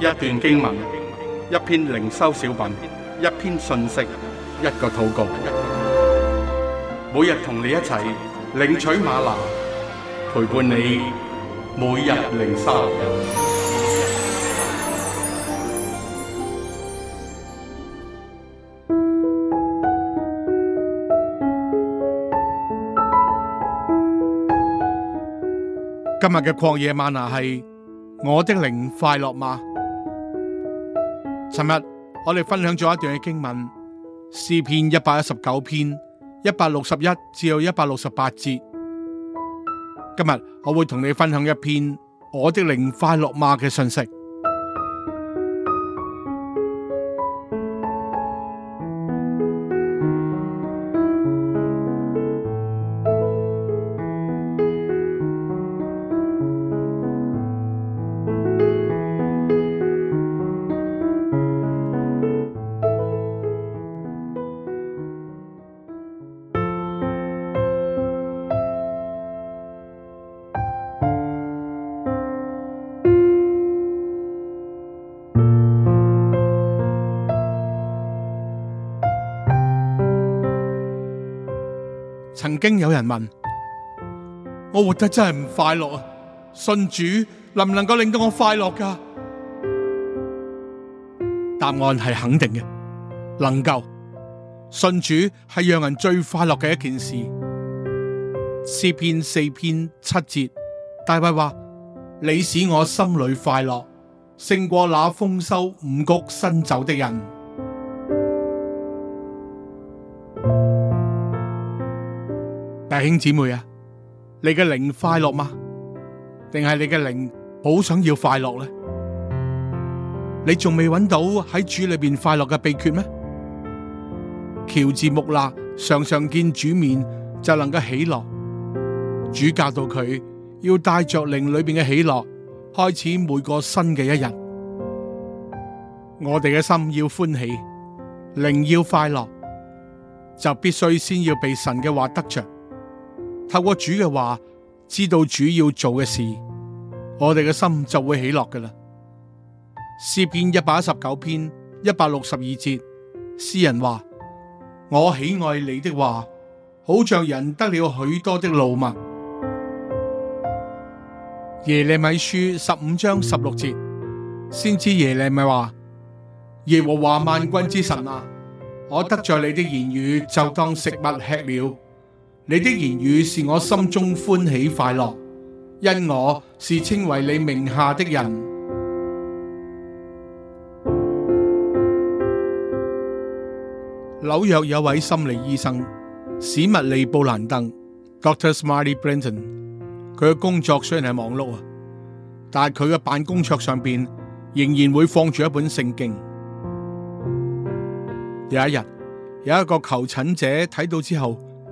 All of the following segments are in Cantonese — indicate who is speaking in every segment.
Speaker 1: 一段經文，一篇靈修小品，一篇信息，一個禱告。每日同你一齊領取嗎哪，陪伴你每日靈修。今日嘅曠野嗎哪係《我的靈快樂嗎？昨日我哋分享咗一段嘅經文，詩篇一百一十九篇一百六十一至到一百六十八節。今日我會同你分享一篇我的靈快樂嗎嘅信息。經有人問：我活得真係唔快樂啊！信主能唔能夠令到我快樂噶？答案係肯定嘅，能夠。信主係讓人最快樂嘅一件事。詩篇四篇七節大衛話：你使我心裏快樂，勝過那豐收五穀新酒的人。弟兄姊妹啊，你嘅靈快樂嗎？定係你嘅靈好想要快樂呢？你仲未揾到喺主裏邊快樂嘅秘訣咩？喬治木納常常見主面就能夠喜樂，主教到佢要帶着靈裏邊嘅喜樂開始每個新嘅一日。我哋嘅心要歡喜，靈要快樂，就必須先要被神嘅話得着。透過主嘅話，知道主要做嘅事，我哋嘅心就會喜樂噶啦。詩篇一百一十九篇一百六十二節，詩人話：我喜愛你的話，好像人得了許多的擄物。耶利米書十五章十六節，先知耶利米話：耶和華萬軍之神啊，我得着你的言語就當食物吃了。你的言語是我心中歡喜快樂，因我是稱為你名下的人。紐約有位心理醫生，史密利布蘭登，Dr. Smiley Blanton，佢嘅工作雖然係忙碌啊，但係佢嘅辦公桌上邊仍然會放住一本聖經。有一日，有一個求診者睇到之後，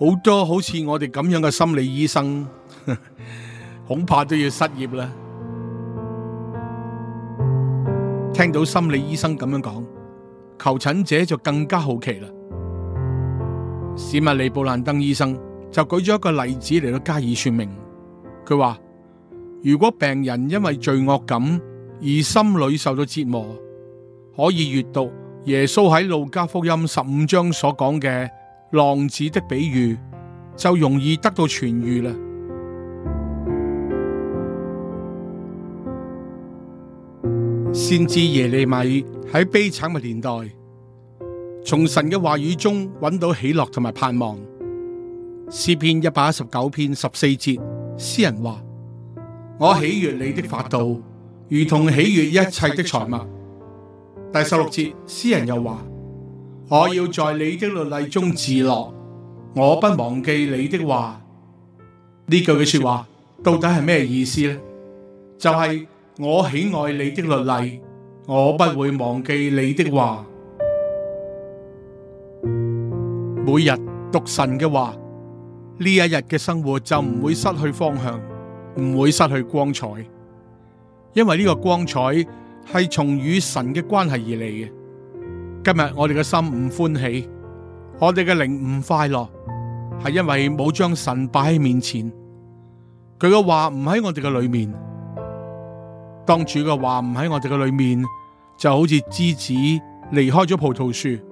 Speaker 1: 好多好似我哋咁樣嘅心理醫生呵呵，恐怕都要失業啦。聽到心理醫生咁樣講，求診者就更加好奇啦。史密利布蘭登醫生就舉咗一個例子嚟到加以說明。佢話：如果病人因為罪惡感而心裏受到折磨，可以閱讀耶穌喺路加福音十五章所講嘅。浪子的比喻就容易得到痊愈啦。先知耶利米喺悲慘嘅年代，從神嘅話語中揾到喜樂同埋盼望。詩篇一百一十九篇十四節，詩人話：我喜悦你的法度，如同喜悦一切的財物。第十六節，詩人又話：我要在你的律例中自樂，我不忘記你的話。呢句嘅說話到底係咩意思呢？就係、是、我喜愛你的律例，我不會忘記你的話。每日讀神嘅話，呢一日嘅生活就唔會失去方向，唔會失去光彩，因為呢個光彩係從與神嘅關係而嚟嘅。今日我哋嘅心唔歡喜，我哋嘅靈唔快樂，係因為冇將神擺喺面前。佢嘅話唔喺我哋嘅裏面，當主嘅話唔喺我哋嘅裏面，就好似枝子離開咗葡萄樹，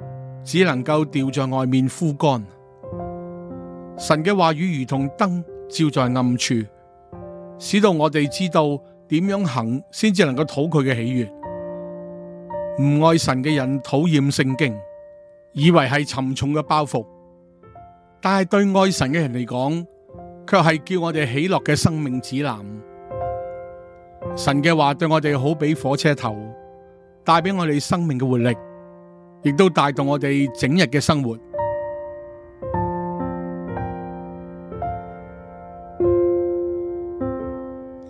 Speaker 1: 只能夠掉在外面枯乾。神嘅話語如同燈照在暗處，使到我哋知道點樣行，先至能夠討佢嘅喜悅。唔愛神嘅人討厭聖經，以為係沉重嘅包袱，但係對愛神嘅人嚟講，卻係叫我哋喜樂嘅生命指南。神嘅話對我哋好比火車頭，帶俾我哋生命嘅活力，亦都帶動我哋整日嘅生活。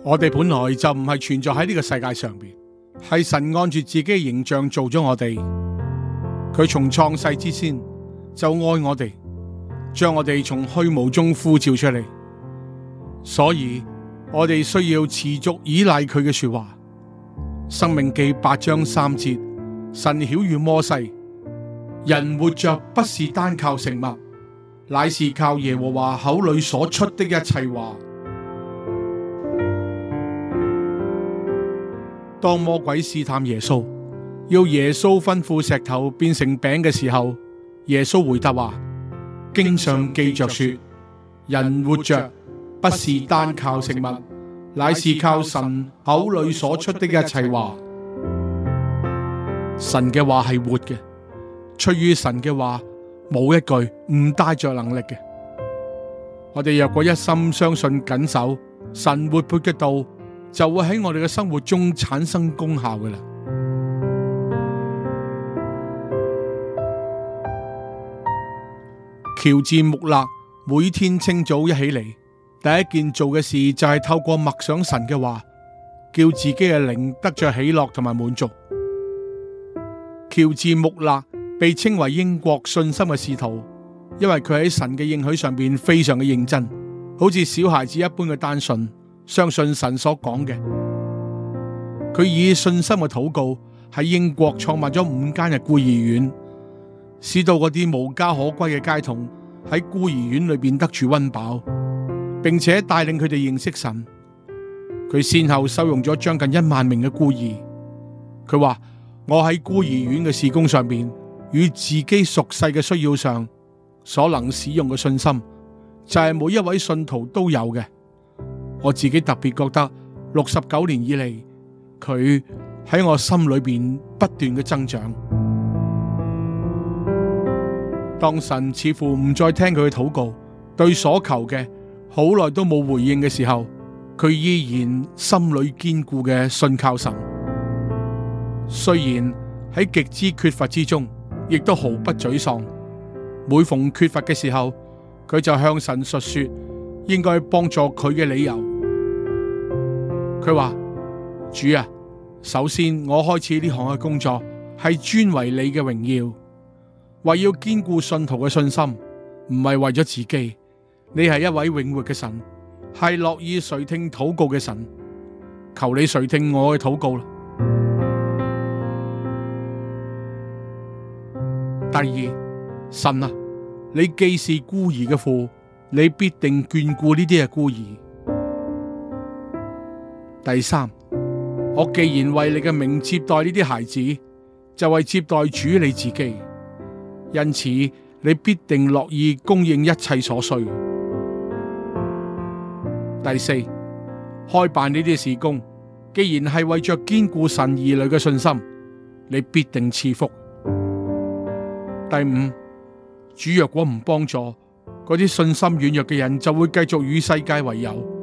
Speaker 1: 我哋本來就唔係存在喺呢個世界上邊。係神按住自己嘅形象做咗我哋，佢從創世之先就愛我哋，將我哋從虛無中呼召出嚟，所以我哋需要持續依賴佢嘅說話。申命記八章三節，神曉諭摩西，人活着不是單靠食物，乃是靠耶和華口裏所出的一切話。當魔鬼試探耶穌，要耶穌吩咐石頭變成餅嘅時候，耶穌回答話：經上記着說，人活着不是單靠食物，乃是靠神口裏所出的嘅一切話。神嘅話係活嘅，出於神嘅話冇一句唔帶着能力嘅。我哋若果一心相信緊守神活潑嘅道。就會喺我哋嘅生活中產生功效嘅啦。喬治穆勒每天清早一起嚟，第一件做嘅事就係透過默想神嘅話，叫自己嘅靈得着喜樂同埋滿足。喬治穆勒被稱為英國信心嘅使徒，因為佢喺神嘅應許上面非常嘅認真，好似小孩子一般嘅單純。相信神所講嘅，佢以信心嘅禱告喺英國創辦咗五間嘅孤兒院，使到嗰啲無家可歸嘅街童喺孤兒院裏邊得住溫飽，並且帶領佢哋認識神。佢先後收容咗將近一萬名嘅孤兒。佢話：我喺孤兒院嘅事工上邊，與自己熟悉嘅需要上所能使用嘅信心，就係每一位信徒都有嘅。我自己特別覺得六十九年以嚟，佢喺我心裏邊不斷嘅增長。當神似乎唔再聽佢嘅禱告，對所求嘅好耐都冇回應嘅時候，佢依然心裏堅固嘅信靠神。雖然喺極之缺乏之中，亦都毫不沮喪。每逢缺乏嘅時候，佢就向神述說應該幫助佢嘅理由。佢話：主啊，首先我開始呢行嘅工作係專為你嘅榮耀，為要堅固信徒嘅信心，唔係為咗自己。你係一位永活嘅神，係樂意垂聽禱告嘅神，求你垂聽我嘅禱告啦。第二，神啊，你既是孤兒嘅父，你必定眷顧呢啲係孤兒。第三，我既然為你嘅名接待呢啲孩子，就為接待主你自己，因此你必定樂意供應一切所需。第四，開辦呢啲事工，既然係為着堅固神兒女嘅信心，你必定賜福。第五，主若果唔幫助嗰啲信心軟弱嘅人，就會繼續與世界為友。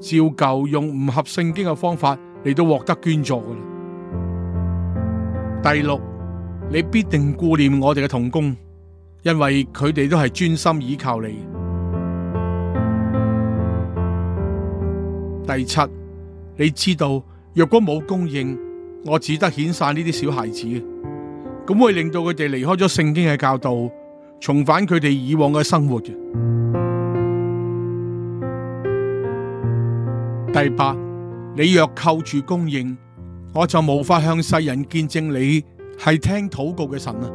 Speaker 1: 照舊用唔合聖經嘅方法嚟到獲得捐助嘅。第六，你必定顧念我哋嘅同工，因為佢哋都係專心倚靠你。第七，你知道若果冇供應，我只得遣散呢啲小孩子，咁會令到佢哋離開咗聖經嘅教導，重返佢哋以往嘅生活。第八，你若扣住供應，我就無法向世人見證你係聽禱告嘅神啊！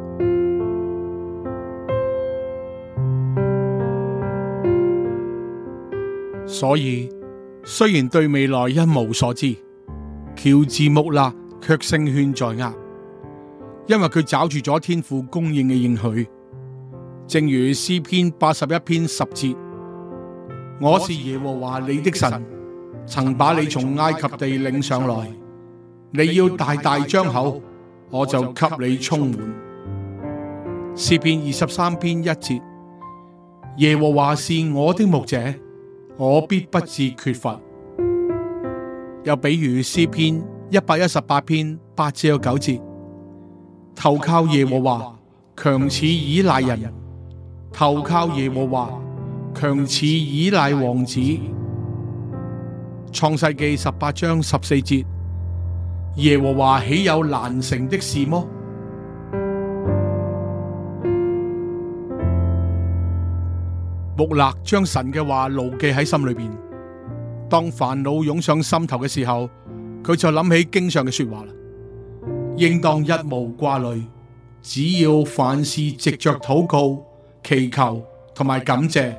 Speaker 1: 所以，雖然對未來一無所知，喬治穆拉卻勝券在握，因為佢抓住咗天父供應嘅應許，正如詩篇八十一篇十節：我是耶和華你的神。曾把你從埃及地領上來，你要大大張口，我就給你充滿。詩篇二十三篇一節：耶和華是我的牧者，我必不至缺乏。又比如詩篇一百一十八篇八至九節：投靠耶和華，強似倚賴人；投靠耶和華，強似倚賴王子。創世記十八章十四節：耶和華豈有難成的事麼？穆勒將神嘅話牢記喺心裏邊。當煩惱湧上心頭嘅時候，佢就諗起經上嘅說話啦，應當一無掛慮，只要凡事藉着禱告、祈求同埋感謝，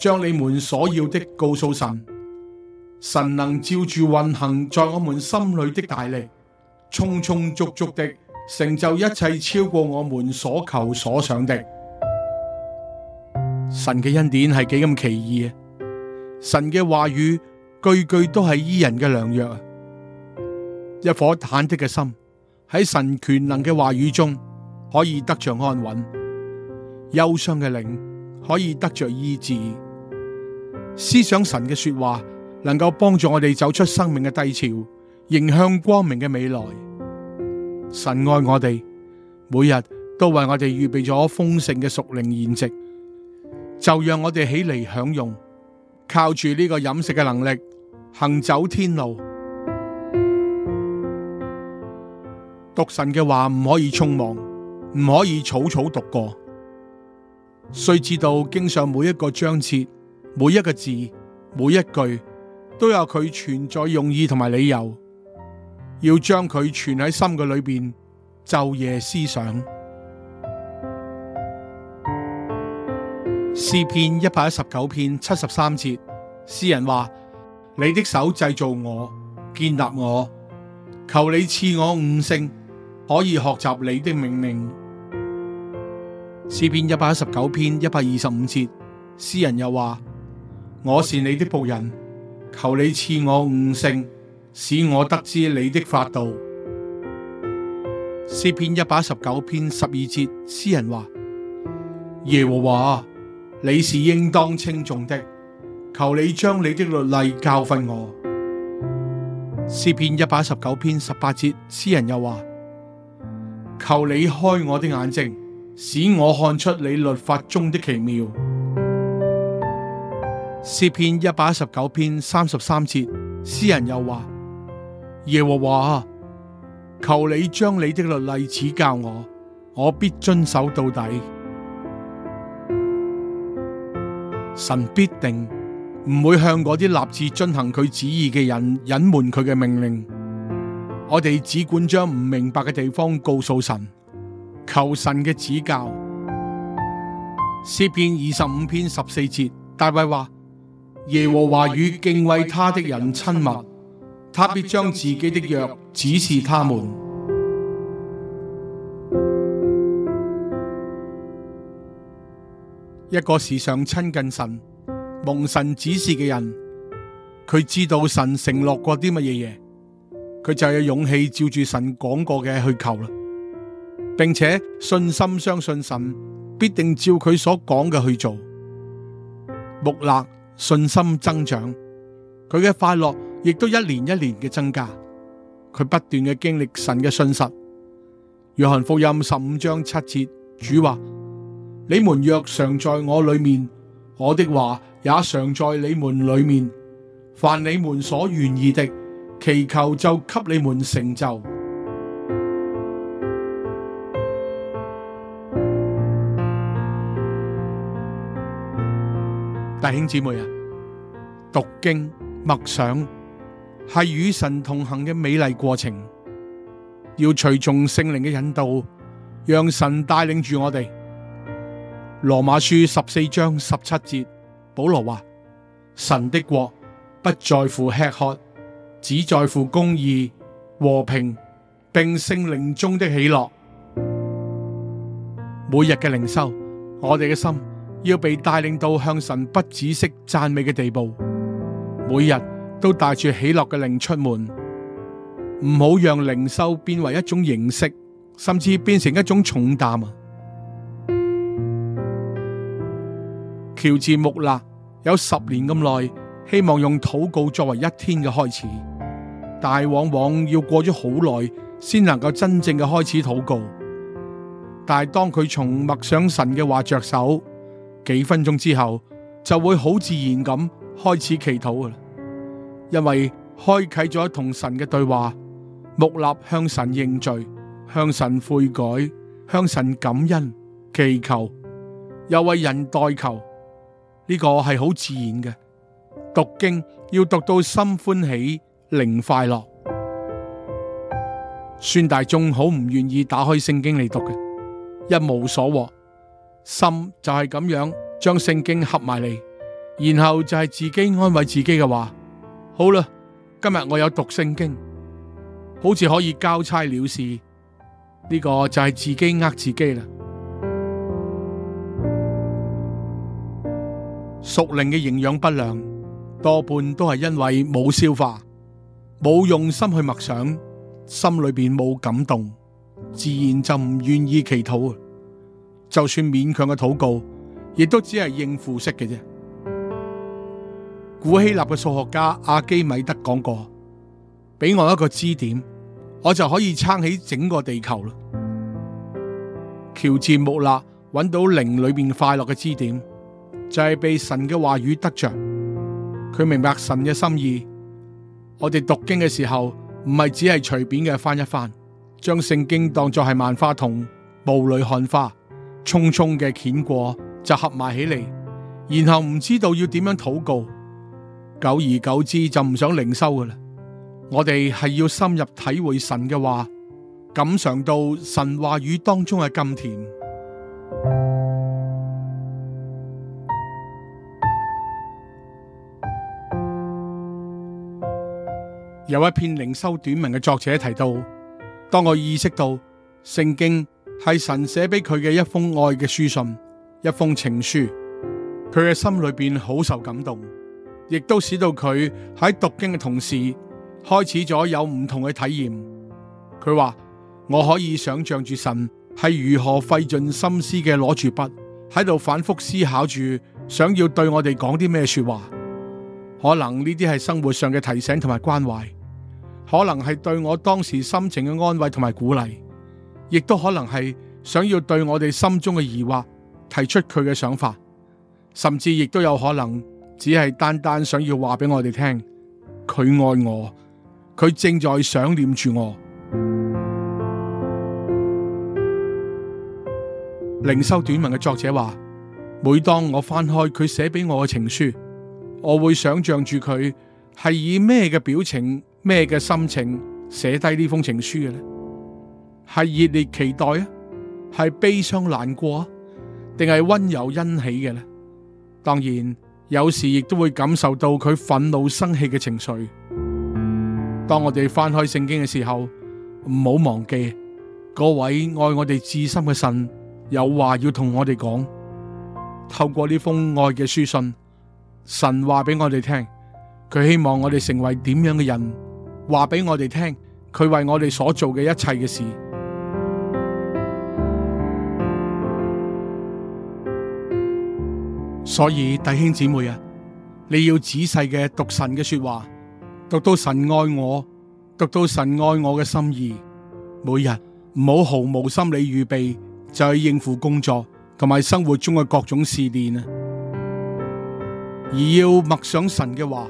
Speaker 1: 將你們所要的告訴神。神能照住運行在我們心裡的大力，充充足足的成就一切超過我們所求所想的。神嘅恩典係幾咁奇異啊！神嘅話語句句都係醫人嘅良藥啊！一顆忐忑嘅心喺神權能嘅話語中可以得着安穩，憂傷嘅靈可以得着醫治，思想神嘅說話。能夠幫助我哋走出生命嘅低潮，迎向光明嘅未來。神愛我哋，每日都為我哋預備咗豐盛嘅屬靈筵席，就讓我哋起嚟享用。靠住呢個飲食嘅能力，行走天路。讀神嘅話唔可以匆忙，唔可以草草讀過，需知道經上每一個章節、每一個字、每一句。都有佢存在用意同埋理由，要將佢存喺心嘅裏邊，晝夜思想。詩篇一百一十九篇七十三節，詩人話：你的手製造我，建立我，求你賜我悟性，可以學習你的命令。詩篇一百一十九篇一百二十五節，詩人又話：我是你的僕人。求你賜我悟性，使我得知你的法度。詩篇一百一十九篇十二節，詩人話：耶和華，你是應當稱頌的，求你將你的律例教訓我。詩篇一百一十九篇十八節，詩人又話：求你開我的眼睛，使我看出你律法中的奇妙。詩篇一百一十九篇三十三節，詩人又話：耶和華求你將你的律例指教我，我必遵守到底。神必定唔會向嗰啲立志遵行佢旨意嘅人隱瞞佢嘅命令。我哋只管將唔明白嘅地方告訴神，求神嘅指教。詩篇二十五篇十四節，大衛話。耶和華與敬畏他的人親密，他必將自己的約指示他們。一個時常親近神、蒙神指示嘅人，佢知道神承諾過啲乜嘢嘢，佢就有勇氣照住神講過嘅去求啦，並且信心相信神必定照佢所講嘅去做。木訥。信心增長，佢嘅快樂亦都一年一年嘅增加。佢不斷嘅經歷神嘅信實。約翰福音十五章七節，主話：你們若常在我裏面，我的話也常在你們裏面。凡你們所願意的，祈求就給你們成就。弟兄姊妹啊，讀經默想係與神同行嘅美麗過程，要隨從聖靈嘅引導，讓神帶領住我哋。羅馬書十四章十七節，保羅話：神的國不在乎吃喝，只在乎公義、和平，並聖靈中的喜樂。每日嘅靈修，我哋嘅心。要被帶領到向神不止息讚美嘅地步，每日都帶住喜樂嘅靈出門，唔好讓靈修變為一種形式，甚至變成一種重擔啊！喬治穆勒有十年咁耐，希望用禱告作為一天嘅開始，但往往要過咗好耐先能夠真正嘅開始禱告，但係當佢從默想神嘅話着手，幾分鐘之後就會好自然咁開始祈禱嘅啦，因為開啟咗同神嘅對話，木立向神認罪，向神悔改，向神感恩，祈求，又為人代求，呢個係好自然嘅。讀經要讀到心歡喜、靈快樂。孫大眾好唔願意打開聖經嚟讀嘅，一無所獲。心就係咁樣將聖經合埋嚟，然後就係自己安慰自己嘅話，好啦，今日我有讀聖經，好似可以交差了事，呢個就係自己呃自己啦。屬靈嘅營養不良，多半都係因為冇消化，冇用心去默想，心裏邊冇感動，自然就唔願意祈禱。就算勉強嘅禱告，亦都只係應付式嘅啫。古希臘嘅數學家阿基米德講過：俾我一個支點，我就可以撐起整個地球啦。喬治穆勒揾到靈裏面快樂嘅支點，就係被神嘅話語得着。佢明白神嘅心意。我哋讀經嘅時候，唔係只係隨便嘅翻一翻，將聖經當作係萬花筒，霧裏看花。匆匆嘅檢過就合埋起嚟，然後唔知道要點樣禱告，久而久之就唔想靈修㗎喇。我哋係要深入體會神嘅話，感嘗到神話語當中嘅甘甜。 有一篇靈修短文嘅作者提到，當我意識到聖經。係神寫俾佢嘅一封愛嘅書信，一封情書。佢嘅心裏邊好受感動，亦都使到佢喺讀經嘅同時開始咗有唔同嘅體驗。佢話：我可以想象住神係如何費盡心思嘅攞住筆喺度反覆思考住，想要對我哋講啲咩說話。可能呢啲係生活上嘅提醒同埋關懷，可能係對我當時心情嘅安慰同埋鼓勵。亦都可能係想要對我哋心中嘅疑惑提出佢嘅想法，甚至亦都有可能只係單單想要話俾我哋聽，佢愛我，佢正在想念住我。靈修短文嘅作者話：每當我翻開佢寫俾我嘅情書，我會想象住佢係以咩嘅表情、咩嘅心情寫低呢封情書嘅呢係熱烈期待啊，係悲傷難過啊，定係溫柔欣喜嘅呢？當然，有時亦都會感受到佢憤怒生氣嘅情緒。當我哋翻開聖經嘅時候，唔好忘記，嗰位愛我哋至深嘅神有話要同我哋講。透過呢封愛嘅書信，神話俾我哋聽，佢希望我哋成為點樣嘅人，話俾我哋聽，佢為我哋所做嘅一切嘅事。所以弟兄姊妹啊，你要仔細嘅讀神嘅說話，讀到神愛我，讀到神愛我嘅心意，每日唔好毫無心理預備就去應付工作同埋生活中嘅各種試煉啊！而要默想神嘅話，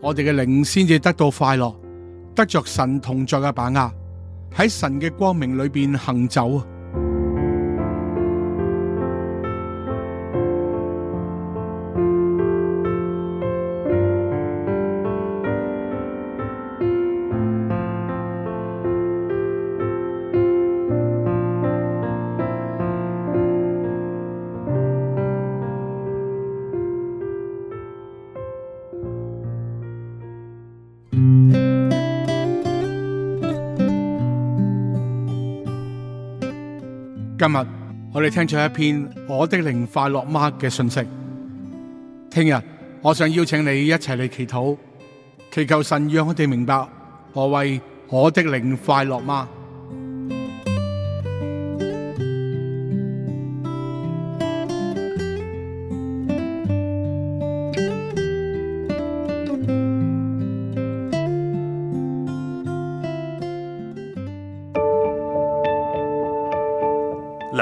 Speaker 1: 我哋嘅靈先至得到快樂，得着神同在嘅把握，喺神嘅光明裏邊行走。今日我哋聽咗一篇《我的靈快樂嗎》嘅信息。聽日我想邀請你一齊嚟祈禱，祈求神讓我哋明白何謂我，我的靈快樂嗎？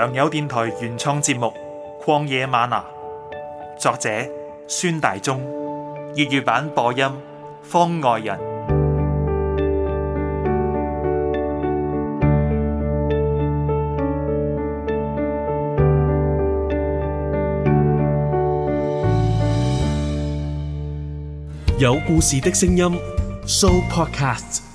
Speaker 1: 良友電台原創節目《曠野嗎哪》，作者孫大中，粵語版播音方外人，有故事的聲音，Supercast。